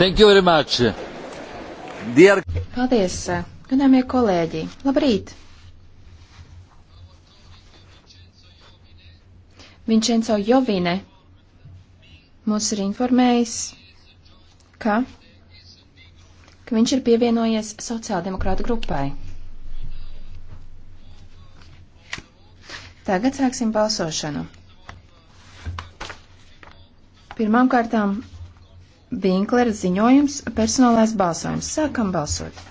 Thank you very much. Dear... Paldies, gadāmie kolēģi. Labrīt! Vincenzo Jovine mūs ir informējis, ka, ka viņš ir pievienojies sociāldemokrāta grupai. Tagad sāksim balsošanu. Pirmām kārtām Vinklera ziņojums, personālais balsojums. Sākam balsot!